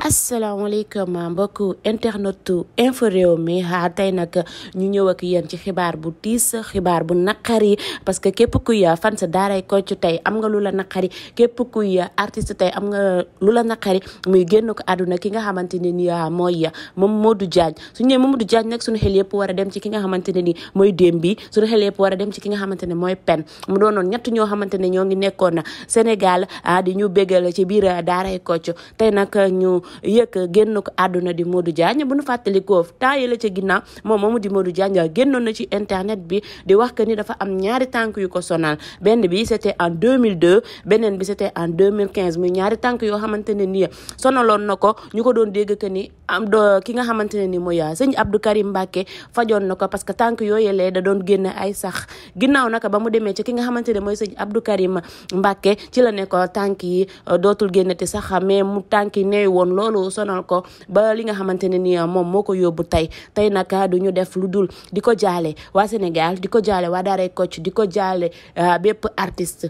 asalaamaaleykum mbokku internetu info réew mi ah, tey nag ñu ñëw ak yéen ci xibaar bu tiis xibaar bu naqari parce que képp yaa fan sa daaray Kocc tey am nga lu la naqari képp kuy artiste tey am nga lu la naqari muy génn ko adduna ki nga xamante ne ni ah, mooy moom Modou Diagne suñu nee Modou Diagne nag suñu xel yëpp war a dem ci ki nga xamante ne ni mooy Demby suñu xel yëpp war a dem ci ki nga xamante ne mooy Pène mu doonoon ñett ñoo xamante ne ñoo ngi nekkoon Sénégal ah, di ñu bégal ci biir daaray Kocc tey nag ñu. yëkk génn ko àdduna di Modou Diagne bu nu fàttalikoo temps yi la ca ginnaaw moom moomu di Modou Diagne génnoon na ci internet bi di wax que ni dafa am ñaari tànk yu ko sonal benn bi c'était en 2002 beneen bi c'était en 2015 muy ñaari tànk yoo xamante ne nii sonaloon na ko ñu ko doon dégg que ni am do ki nga xamante ne ni mooy ah, sëñ Abdou Karim Mbacké fajoon na ko parce que tànk yooyu lee da doon génn ay sax ginnaaw naka ba mu demee ci ki nga xamante ne mooy sëñ Abdou Karim Mbacké ci la ne ko tànk yi euh, dootul génnati sax mais mu tànk yi woon loolu sonal ko ba li nga xamante ne ni uh, moom moo ko yóbbu tey tey nag uh, du ñu def lu dul di ko jaale waa Sénégal di ko jaale waa Daaray Kocc di ko jaale uh, bépp artist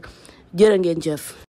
jërë ngeen jëf